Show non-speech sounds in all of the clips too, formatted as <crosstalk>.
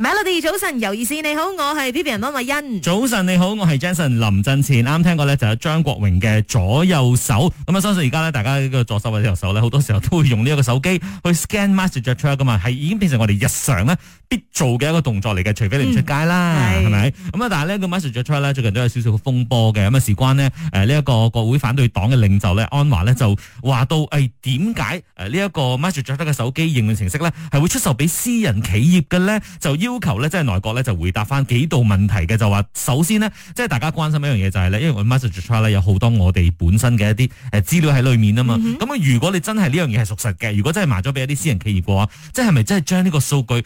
係啦，第二早晨，尤意思，你好，我係 P P R 溫慧欣。早晨你好，我係 Jason 林振前。啱啱聽過咧就係張國榮嘅左右手。咁啊，相信而家咧大家呢個左手或者右手咧，好多時候都會用呢一個手機去 scan message 著出嚟噶嘛，係已經變成我哋日常咧。必做嘅一個動作嚟嘅，除非你唔出街啦，係、嗯、咪？咁啊，但係呢個 MySejahtera 最近都有少少嘅風波嘅，咁啊事關呢，誒呢一個國會反對黨嘅領袖呢安華呢，就話到，誒點解誒呢一個 MySejahtera 嘅手機應用程式呢，係會出售俾私人企業嘅呢就要求呢，即係內閣呢，就回答翻幾道問題嘅，就話首先呢，即係大家關心一樣嘢就係、是、呢，因為 MySejahtera 有好多我哋本身嘅一啲誒資料喺裏面啊嘛，咁、嗯、如果你真係呢樣嘢係屬實嘅，如果真係賣咗俾一啲私人企業嘅話，即係咪真係將呢個數據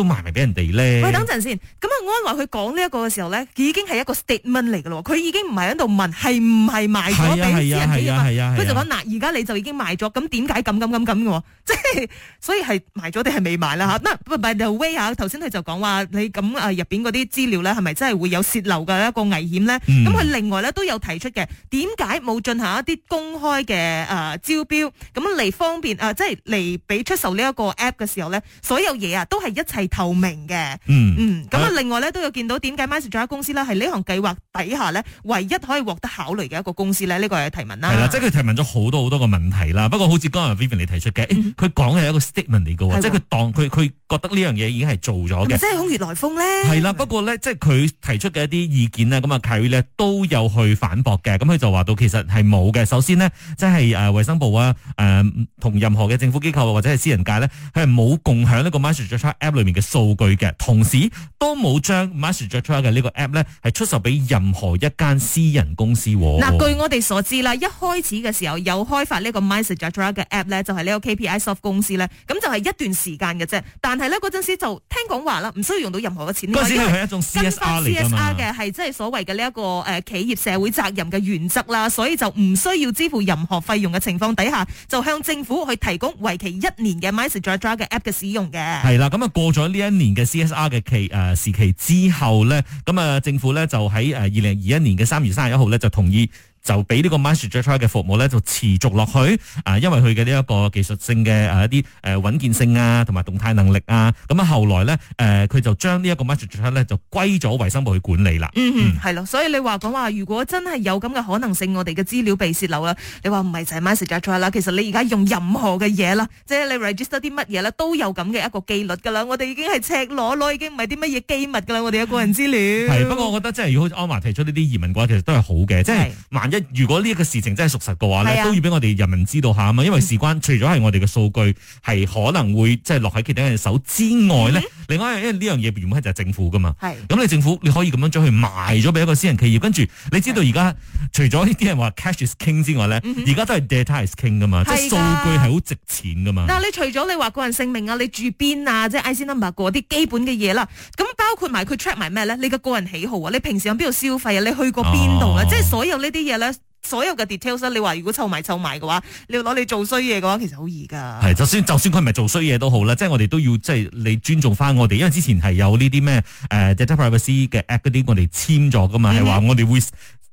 都賣埋俾人哋咧。喂，等陣先。咁啊，安華佢講呢一個嘅時候咧，已經係一個 statement 嚟嘅咯。佢已經唔係喺度問，係唔係賣咗俾人哋啊？佢、啊啊啊啊、就講嗱，而家你就已經賣咗，咁點解咁咁咁咁嘅？即係， <laughs> 所以係賣咗定係未賣啦吓？嗱、嗯，唔係，by the way, 就 Way 啊，頭先佢就講話你咁啊，入邊嗰啲資料咧，係咪真係會有洩漏嘅一個危險咧？咁、嗯、佢另外咧都有提出嘅，點解冇進行一啲公開嘅誒招標，咁嚟方便誒，即係嚟俾出售呢一個 app 嘅時候咧，所有嘢啊都係一齊。透明嘅，嗯，咁啊，另外咧都有見到點解 MySejahtera 公司咧係呢項計劃底下咧唯一可以獲得考慮嘅一個公司咧，呢個係提問啦。係啦，即係佢提問咗好多好多個問題啦。不過好似剛才 Vivian 你提出嘅，佢講嘅係一個 statement 嚟㗎喎，即係佢當佢佢覺得呢樣嘢已經係做咗嘅，即係空穴來風咧。係啦，不過咧即係佢提出嘅一啲意見啊，咁啊，卡爾咧都有去反駁嘅。咁佢就話到其實係冇嘅。首先咧，即係誒衞生部啊，誒同任何嘅政府機構或者係私人界咧，佢係冇共享呢個 MySejahtera app 裏面嘅數據嘅同時，都冇將 MySejahtera 嘅呢個 app 呢，係出售俾任何一間私人公司，哦。嗱，據我哋所知啦，一開始嘅時候有開發呢個 MySejahtera 嘅 app 呢，就係呢個 KPISoft 公司呢。咁就係一段時間嘅啫。但係呢嗰陣時就聽講話啦，唔需要用到任何嘅錢。嗰啲係一種 CSR 嘅係即係所謂嘅呢一個誒企業社會責任嘅原則啦，所以就唔需要支付任何費用嘅情況底下，就向政府去提供為期一年嘅 MySejahtera 嘅 app 嘅使用嘅。係啦，咁啊過咗。呢一年嘅 CSR 嘅期，誒時期之後咧，咁啊政府咧就喺誒二零二一年嘅三月三十一號咧就同意。就俾呢個 Master 嘅服務咧，就持續落去啊！因為佢嘅呢一個技術性嘅啊一啲誒穩健性啊，同埋動態能力啊，咁啊後來咧誒佢就將呢一個 Master 咧就歸咗衞生部去管理啦。嗯，係、嗯、咯，所以你話講話，如果真係有咁嘅可能性，我哋嘅資料被泄漏啦，你話唔係就係 Master 啦。其實你而家用任何嘅嘢啦，即係你 register 啲乜嘢啦，都有咁嘅一個機率㗎啦。我哋已經係赤裸裸，已經唔係啲乜嘢機密㗎啦。我哋嘅個人資料。不過，嗯、我覺得即係如果阿華提出呢啲移民嘅話，其實都係好嘅，即係一如果呢一個事情真係屬實嘅話咧、啊，都要俾我哋人民知道下啊嘛，因為事關除咗係我哋嘅數據係、嗯、可能會即係落喺其他人手之外咧、嗯，另外因為呢樣嘢原本係就係政府噶嘛，係咁你政府你可以咁樣將佢賣咗俾一個私人企業，跟住你知道而家除咗呢啲人話 cash is king 之外咧，而、嗯、家都係 data is king 噶嘛，即係數據係好值錢噶嘛。嗱，你除咗你話個人姓名啊，你住邊啊，即、就、係、是、IC number 嗰啲基本嘅嘢啦，咁包括埋佢 track 埋咩咧？你嘅個人喜好啊，你平時喺邊度消費啊，你去過邊度啊，啊，即係所有呢啲嘢。所有嘅 details，你話如果湊埋湊埋嘅話，你要攞你做衰嘢嘅話，其實好易噶。係，就算就算佢唔係做衰嘢都好啦，即係我哋都要即係你尊重翻我哋，因為之前係有呢啲咩誒即係 privacy 嘅 app 嗰啲，我哋簽咗噶嘛，係話我哋會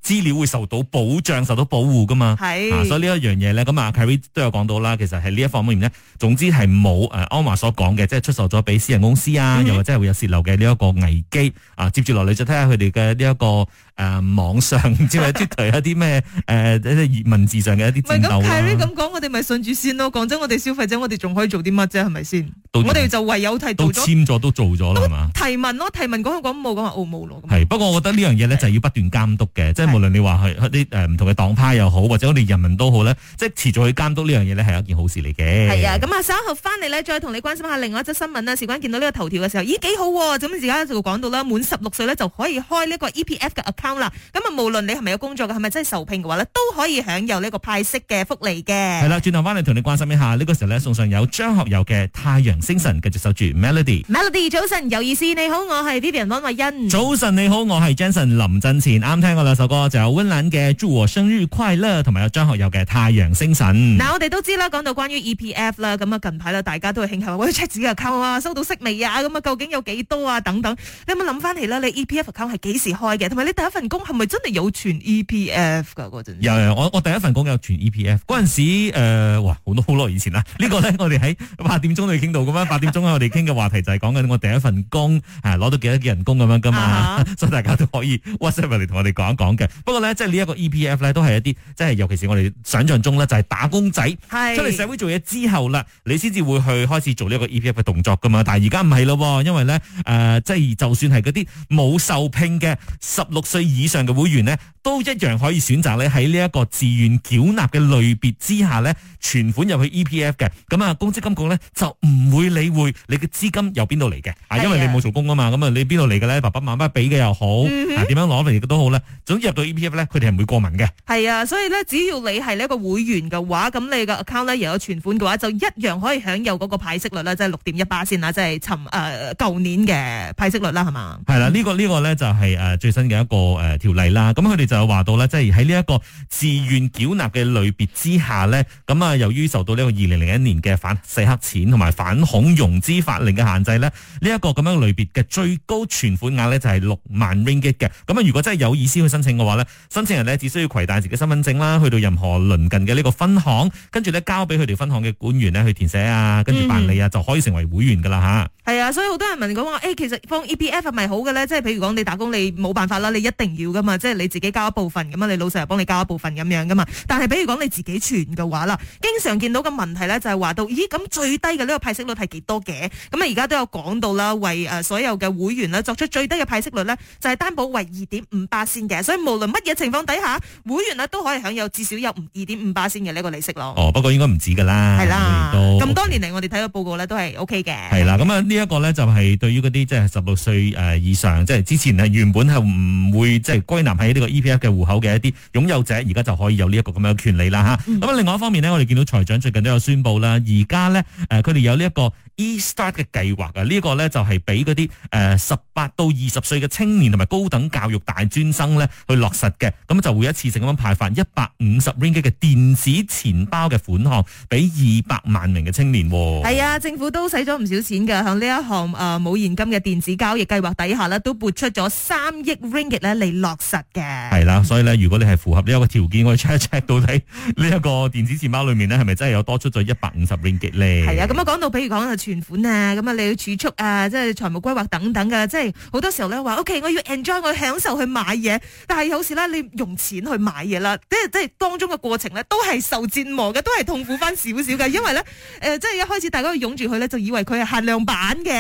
資料會受到保障、受到保護噶嘛。係、mm-hmm. 啊，所以呢一樣嘢咧，咁啊 Kerry 都有講到啦。其實係呢一方面咧，總之係冇誒安華所講嘅，即係出售咗俾私人公司啊，mm-hmm. 又或者係會有泄漏嘅呢一個危機啊。接住落嚟就睇下佢哋嘅呢一個。誒、呃，網上即係出台一啲咩誒文字上嘅一啲爭拗咁，講，我哋咪順住先咯。講真，我哋消費者，我哋仲可以做啲乜啫？係咪先？我哋就唯有提都簽咗，都做咗啦，係嘛？提問咯，提問講香港冇咁話澳門，不過我覺得呢樣嘢咧就係要不斷監督嘅， <laughs> 即係無論你話係啲唔同嘅黨派又好，或者我哋人民都好咧，即係持續去監督呢樣嘢咧係一件好事嚟嘅。係啊，咁啊，十一號翻嚟咧，再同你關心下另外一則新聞啦。事關見到呢個頭條嘅時候，咦，幾好、啊？咁而家就講到啦，滿十六歲咧就可以開呢個 E P F 嘅 account。啦，咁啊，無論你係咪有工作嘅，係咪真係受聘嘅話咧，都可以享有呢個派息嘅福利嘅。係啦，轉頭翻嚟同你關心一下，呢個時候咧送上有張學友嘅《太陽星辰》，繼續守住 Melody。Melody 早晨，有意思，你好，我係 Vivian 温慧欣。早晨你好，我係 Jason 林振前，啱聽過兩首歌，就有温嵐嘅《祝我生日快樂》，同埋有張學友嘅《太陽星辰》。嗱，我哋都知啦，講到關於 EPF 啦，咁啊近排啦，大家都會慶幸，我要 check 自己嘅 account 啊，收到息未啊？咁啊，究竟有幾多啊？等等，你有冇諗翻嚟啦？你 EPF account 係幾時開嘅？同埋你第一。人工係咪真係有存 E P F 噶嗰陣？有有，我我第一份工有存 E P F。嗰陣時誒，哇，好多好耐以前啦。這個、呢個咧，我哋喺八點鐘度傾到咁樣。八點鐘我哋傾嘅話題就係講緊我第一份工啊，攞到幾多人工咁樣噶嘛。Uh-huh. 所以大家都可以 WhatsApp 嚟同我哋講一講嘅。不過咧，即係呢一個 E P F 咧，都係一啲即係，尤其是我哋想象中咧，就係打工仔出嚟社會做嘢之後啦，你先至會去開始做呢一個 E P F 嘅動作噶嘛。但係而家唔係咯，因為咧誒，即、呃、係就算係嗰啲冇受聘嘅十六歲。以上嘅會員呢，都一樣可以選擇咧喺呢一個自願繳納嘅類別之下呢，存款入去 E P F 嘅。咁啊，公積金局呢，就唔會理會你嘅資金由邊度嚟嘅。啊，因為你冇做工啊嘛。咁啊，你邊度嚟嘅呢？爸爸媽媽俾嘅又好，啊、嗯、點樣攞嚟嘅都好呢。總之入到 E P F 呢，佢哋係唔會過問嘅。係啊，所以呢，只要你係呢一個會員嘅話，咁你嘅 account 呢，又有存款嘅話，就一樣可以享有嗰個派息率啦，即係六點一八先啦，即係尋誒舊年嘅派息率啦，係嘛？係啦、啊，呢、呢個呢、呢個呢、就係，就係誒最新嘅一個。條個誒條例啦，咁佢哋就話到啦，即係喺呢一個自願繳納嘅類別之下呢。咁啊由於受到呢個二零零一年嘅反洗黑錢同埋反恐融資法令嘅限制呢，呢、呢、一個咁樣類別嘅最高存款額呢，就係六萬 ringgit 嘅。咁啊如果真係有意思去申請嘅話呢，申請人呢，只需要攜帶自己身份證啦，去到任何鄰近嘅呢個分行，跟住呢，交俾佢哋分行嘅管員呢，去填寫啊，跟住辦理啊、嗯，就可以成為會員噶啦吓。係啊，所以好多人問講話，其實放 EPF 咪好嘅呢？即係譬如講你打工你冇辦法啦，你一一定要噶嘛，即係你自己交一部分咁啊，你老細又幫你交一部分咁樣噶嘛。但係比如講你自己存嘅話啦，經常見到嘅問題咧就係話到，咦咁最低嘅呢個派息率係幾多嘅？咁啊而家都有講到啦，為誒所有嘅會員啦作出最低嘅派息率呢，就係擔保為二點五八仙嘅。所以無論乜嘢情況底下，會員咧都可以享有至少有二點五八仙嘅呢一個利息咯。哦，不過應該唔止噶啦，係啦，咁多年嚟我哋睇個報告呢、OK，都係 O K 嘅。係啦，咁啊呢一個呢，就係對於嗰啲即係十六歲誒以上，即係之前原本係唔會。即、就、係、是、歸納喺呢個 E P F 嘅戶口嘅一啲擁有者，而家就可以有呢一個咁樣嘅權利啦吓，咁、嗯、另外一方面咧，我哋見到財長最近都有宣布啦，而家咧誒，佢哋有呢、這、一個。E-start 嘅計劃啊，呢、這個咧就係俾嗰啲誒十八到二十歲嘅青年同埋高等教育大專生咧去落實嘅，咁就會一次性咁樣派發一百五十 Ringgit 嘅電子錢包嘅款項俾二百萬名嘅青年。係啊，政府都使咗唔少錢㗎，喺呢一項誒冇現金嘅電子交易計劃底下咧，都撥出咗三億 Ringgit 嚟落實嘅。係啦、啊，所以咧，如果你係符合呢一個條件，我可以 check 一 check 到底呢一個電子錢包裏面呢係咪真係有多出咗一百五十 Ringgit 咧？係啊，咁啊講到譬如講。存款啊，咁啊，你要儲蓄啊，即係財務規劃等等噶、啊，即係好多時候咧話，OK，我要 enjoy，我要享受去買嘢，但係有時咧你用錢去買嘢啦，即係即係當中嘅過程咧，都係受折磨嘅，都係痛苦翻少少嘅，因為咧，誒，即係一開始大家去擁住佢咧，就以為佢係限量版嘅，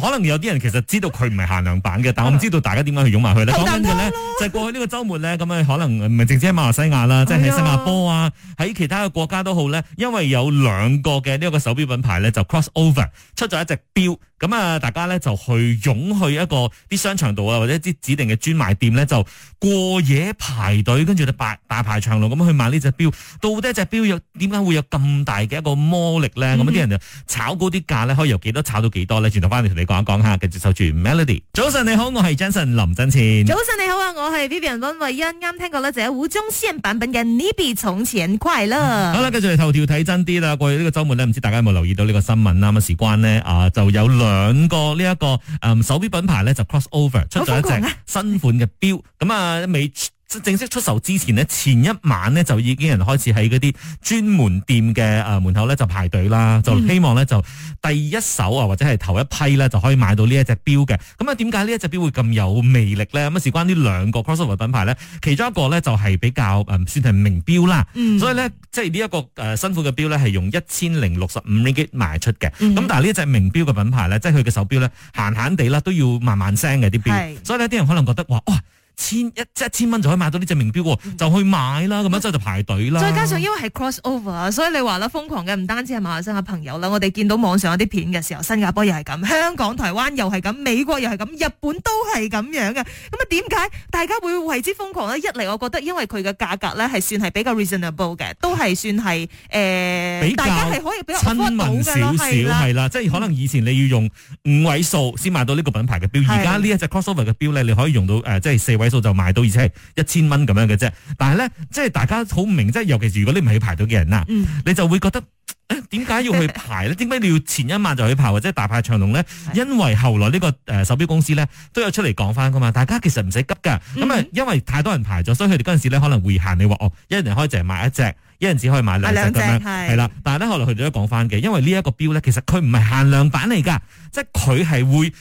可能有啲人其實知道佢唔係限量版嘅， <laughs> 但我唔知道大家點樣去擁埋去咧。 <laughs> 後呢 <laughs> 就係過去這個週呢個周末咧，咁啊，可能唔係淨止喺馬來西亞啦，即係喺新加坡啊，喺 <laughs> 其他嘅國家都好咧，因為有兩個嘅呢個手錶品牌咧就 cross over 出咗一隻標。咁啊，大家咧就去湧去一個啲商場度啊，或者啲指定嘅專賣店咧，就過夜排隊，跟住咧排大排長龍咁樣去買呢隻表。到底一隻表有，點解會有咁大嘅一個魔力咧？咁、mm-hmm. 啲人就炒高啲價咧，可以由幾多炒到幾多咧？轉頭翻嚟同你講一講吓。繼續守住 Melody。早晨你好，我係 Jason 林振前。早晨你好啊，我係 Vivian 溫慧欣。啱聽過咧，就胡宗先版本嘅你比從前快樂。嗯、好啦，繼續嚟頭條睇真啲啦。過去呢個周末咧，唔知大家有冇留意到呢個新聞啊？咁事關咧啊，就有兩個呢、這、一個誒、嗯、手表品牌咧就 cross over 出咗一隻新款嘅表，咁啊未。正式出售之前呢，前一晚呢，就已經有人開始喺嗰啲專門店嘅誒門口咧就排隊啦，就希望咧就第一手啊或者係頭一批咧就可以買到呢一隻表嘅。咁啊，點解呢一隻表會咁有魅力咧？咁啊，事關呢兩個 Crossover 品牌咧，其中一個咧就係比較誒、呃、算係名表啦、嗯。所以咧，即係呢一個誒新款嘅表咧係用一千零六十五令吉賣出嘅。咁但係呢一隻名表嘅品牌咧，即係佢嘅手表咧，閒閒地啦都要萬萬聲嘅啲表，所以呢，啲人可能覺得話哇！哇千一一千蚊就可以買到呢隻名表喎，就去買啦，咁、嗯、樣之後就排隊啦。再加上因為係 cross over，所以你話啦，瘋狂嘅唔單止係馬來西亞朋友啦，我哋見到網上有啲片嘅時候，新加坡又係咁，香港、台灣又係咁，美國又係咁，日本都係咁樣嘅。咁啊，點解大家會為之瘋狂呢？一嚟，我覺得因為佢嘅價格咧係算係比較 reasonable 嘅，都係算係誒、呃、大家係可以比較親民少少，係啦、嗯，即係可能以前你要用五位數先買到呢個品牌嘅表，而家呢一隻 cross over 嘅表呢，你可以用到誒、呃，即係四位。就賣到，而且係一千蚊咁樣嘅啫。但係咧，即係大家好唔明，即係尤其是如果你唔係去排隊嘅人啦，嗯、你就會覺得。誒、欸，點解要去排咧？點解你要前一晚就去排或者大排長龍咧？因為後來呢個誒手錶公司咧都有出嚟講翻噶嘛，大家其實唔使急噶。咁、嗯、啊，因為太多人排咗，所以佢哋嗰陣時咧可能會限你話哦，一人可以淨係買一隻，一人只可以買兩隻咁樣係啦。但係咧後來佢哋都講翻嘅，因為錶呢一個錶咧其實佢唔係限量版嚟噶，即係佢係會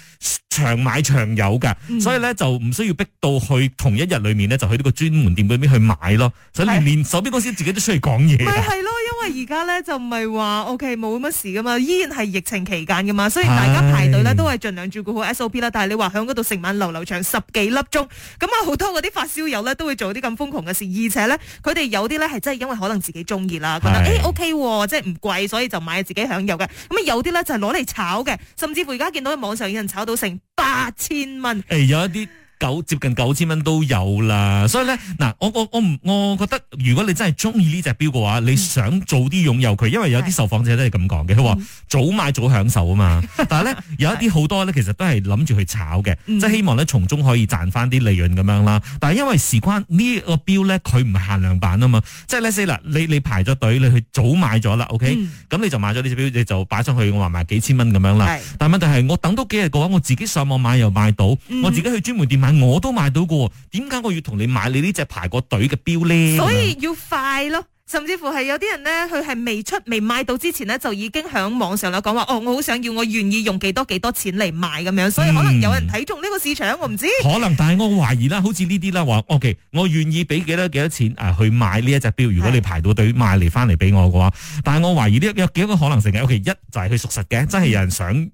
長買長有噶、嗯，所以咧就唔需要逼到去同一日裏面咧就去呢個專門店嗰邊去買咯。所以連，連手錶公司自己都出嚟講嘢，係咯。 <laughs> <laughs> 而家咧就唔係話 OK 冇乜事噶嘛，依然係疫情期間噶嘛，所以大家排隊咧都係盡量照顧好 SOP 啦。但係你話喺嗰度成晚流流長十幾粒鐘，咁啊好多嗰啲發燒友咧都會做啲咁瘋狂嘅事，而且咧佢哋有啲咧係真係因為可能自己中意啦，覺得誒 OK 即係唔貴，所以就買自己享有嘅。咁啊有啲咧就係攞嚟炒嘅，甚至乎而家見到網上有人炒到成八千蚊。誒、欸、有一啲。九接近九千蚊都有啦，所以咧嗱，我我我唔，我覺得如果你真係中意呢隻表嘅話，嗯，你想早啲擁有佢，因為有啲受訪者都係咁講嘅，佢，嗯、話早買早享受啊嘛。嗯，但係咧有一啲好多咧，其實都係諗住去炒嘅，嗯，即係希望咧從中可以賺翻啲利潤咁樣啦。但係因為事關呢個表咧，佢唔限量版啊嘛，即係咧嗱，你你排咗隊你去早買咗啦，OK，咁，嗯、你就買咗呢隻表你就擺上去，我話賣幾千蚊咁樣啦，嗯。但係問題係我等到幾日嘅話，我自己上網買又買到，嗯，我自己去專門店。但我都買到過，點解我要同你買你隻的的呢隻排過隊嘅表咧？所以要快咯，甚至乎係有啲人咧，佢係未出未買到之前咧，就已經響網上啦講話哦，我好想要，我願意用幾多幾多錢嚟買咁樣，所以可能有人睇中呢個市場，嗯、我唔知。可能，但係我懷疑啦，好似呢啲啦話，O K，我願意俾幾多幾多錢、啊、去買呢一隻表，如果你排到隊買嚟翻嚟俾我嘅話，但係我懷疑呢有幾個可能性嘅，O K，一就係佢屬實嘅，真係有人想。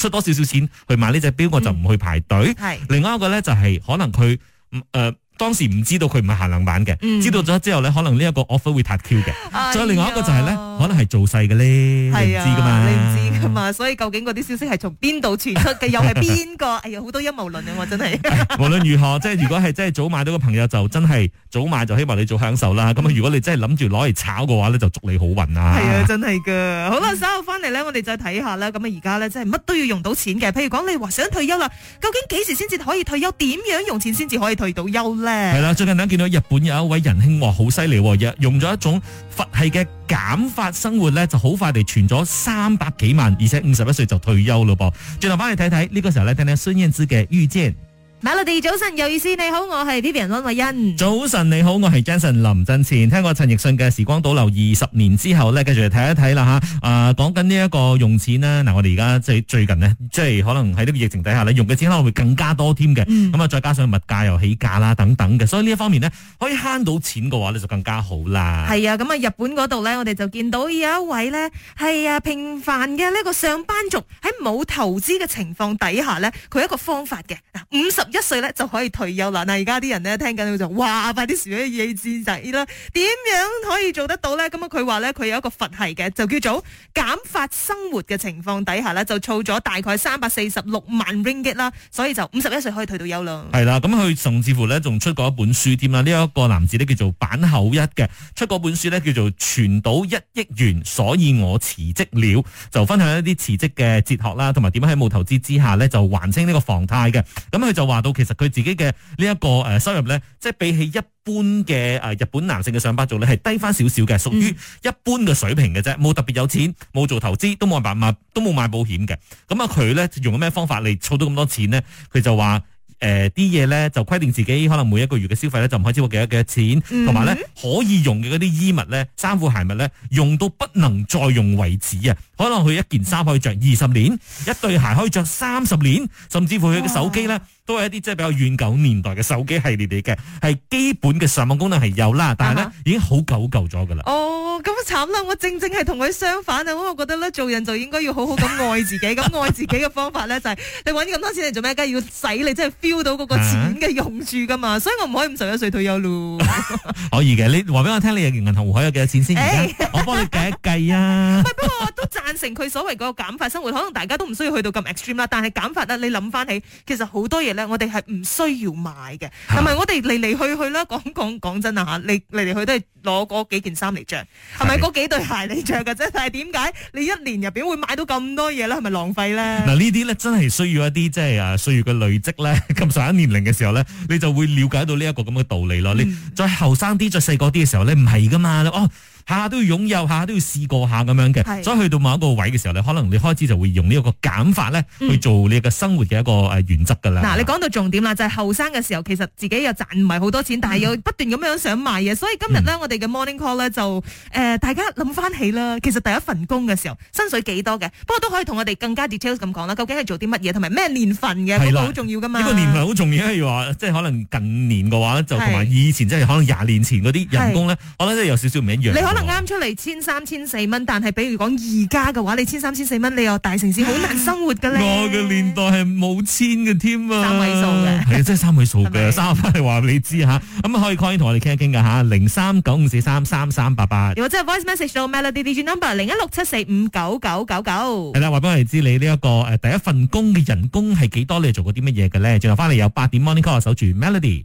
出多少少錢去買呢隻表，我就唔去排隊。係、嗯、另外一個咧、就係，就係可能佢唔誒。呃當時唔知道佢唔係限量版嘅、嗯，知道咗之後呢，可能呢一個 offer 會彈跳嘅。再另外一個就係、是、呢，可能係做勢嘅呢，你唔知噶嘛，你唔知㗎嘛，所以究竟嗰啲消息係從邊度傳出嘅， <laughs> 又係邊個？哎呀，好多陰謀論啊！我真係、哎。無論如何， <laughs> 即係如果係真係早買到嘅朋友，就真係早買就希望你早享受啦。咁、嗯、如果你真係諗住攞嚟炒嘅話呢，就祝你好運啦、啊。係啊，真係噶。好啦，稍後翻嚟呢，我哋再睇下啦。咁啊，而家呢，真係乜都要用到錢嘅。譬如講，你話想退休啦，究竟幾時先至可以退休？點樣用錢先至可以退到休呢？係啦，最近咧見到日本有一位仁兄話好犀利，用咗一種佛系嘅減法生活咧，就好快地存咗三百幾萬，而且五十一歲就退休咯噃。轉頭翻去睇睇呢個時候咧，聽聽孫燕姿嘅遇見。Melody 早晨意思，你好，我係 Vivian 溫慧欣。早晨你好，我係 Jason 林振前。聽過陳奕迅嘅《時光倒流二十年》之後咧，繼續嚟睇一睇啦吓。啊、呃，講緊呢一個用錢呢嗱，我哋而家即係最近咧，即係可能喺呢個疫情底下咧，用嘅錢可能會更加多添嘅。咁啊，再加上物價又起價啦，等等嘅，所以呢一方面咧，可以慳到錢嘅話咧，就更加好啦。係啊，咁、嗯、啊，日本嗰度咧，我哋就見到有一位咧，係啊平凡嘅呢、呢個上班族喺冇投資嘅情況底下咧，佢一個方法嘅五十。一歲咧就可以退休啦！嗱，而家啲人咧聽緊佢就哇，快啲存啲嘢先仔啦！點樣可以做得到咧？咁啊，佢話咧佢有一個佛系嘅，就叫做減法生活嘅情況底下呢就儲咗大概三百四十六萬 ringgit 啦，所以就五十一歲可以退到休啦。係啦，咁佢甚至乎咧仲出過一本書添啦。呢、這、一個男子呢叫做板厚一嘅，出嗰本書呢叫做存到一億元，所以我辭職了，就分享一啲辭職嘅哲學啦，同埋點樣喺冇投資之下呢，就還清呢個房貸嘅。咁佢就話。到其實佢自己嘅呢一個收入咧，即係比起一般嘅日本男性嘅上班族咧，係低翻少少嘅，屬於一般嘅水平嘅啫。冇特別有錢，冇做投資，都冇買，都冇買保險嘅。咁啊，佢咧用咩方法嚟儲到咁多錢咧？佢就話誒啲嘢咧，就規定自己可能每一個月嘅消費咧，就唔可以超過幾多幾多錢，同埋咧可以用嘅嗰啲衣物咧、衫褲鞋襪咧，用到不能再用為止啊！可能佢一件衫可以着二十年，一對鞋可以着三十年，甚至乎佢嘅手機咧都係一啲即係比較遠舊年代嘅手機系列嚟嘅，係基本嘅上網功能係有啦，但係咧已經好久舊咗噶啦。哦，咁慘啦！我正正係同佢相反啊！咁我覺得咧，做人就應該要好好咁愛自己，咁愛自己嘅方法咧就係你揾咁多錢嚟做咩？梗係要使，你即係 feel 到嗰個錢嘅用處噶嘛。所以我唔可以五十一歲退休咯。可以嘅，你話俾我聽，你嘅銀行戶口有幾多錢先？我幫你計一計啊。唔係，不過我都賺。贊成佢所謂個減法生活，可能大家都唔需要去到咁 extreme 啦。但係減法咧，你諗翻起，其實好多嘢咧，我哋係唔需要買嘅。係、啊、咪？係咪我哋嚟嚟去去啦，講講講真啊吓，你嚟嚟去都係攞嗰幾件衫嚟着，係咪？嗰幾對鞋嚟着噶啫。但係點解你一年入邊會買到咁多嘢咧？係咪浪費咧？嗱，呢啲咧真係需要一啲即係啊，需要嘅累積咧。咁 <laughs> 上一年齡嘅時候咧，你就會了解到呢一個咁嘅道理咯，嗯。你再後生啲，再細個啲嘅時候咧，唔係噶嘛。哦。下下都要擁有，下下都要試過下咁樣嘅，所以去到某一個位嘅時候你可能你開始就會用呢個減法咧去做你嘅生活嘅一個原則㗎啦。嗱、嗯嗯，你講到重點啦，就係後生嘅時候其實自己又賺唔係好多錢，嗯、但係又不斷咁樣想買嘢，所以今日咧我哋嘅 Morning Call 咧就、呃、大家諗翻起啦，其實第一份工嘅時候薪水幾多嘅？不過都可以同我哋更加 detail 咁講啦，究竟係做啲乜嘢，同埋咩年份嘅，係好、呢個、重要噶嘛，呢個年份好重要，譬如話即係可能近年嘅話就同埋以前即係可能廿年前嗰啲人工咧，我覺得有少少唔一樣。可能啱出嚟千三千四蚊，但係比如講而家嘅話，你千三千四蚊，你又大城市好難生活㗎咧。 <laughs> 我嘅年代係冇千嘅添啊！三位數嘅係啊，真係三位數嘅。三，我翻嚟，話你知吓。咁可以鄺英同我哋傾一傾噶吓，零三九五四三三三八八。如果真係 voice message 到 Melody D G number 零一六七四五九九九九。係啦，話俾我哋知你呢、這、一個誒第一份工嘅人工係幾多？你做過啲乜嘢嘅咧？最後翻嚟，有八點 morning call 守住 Melody。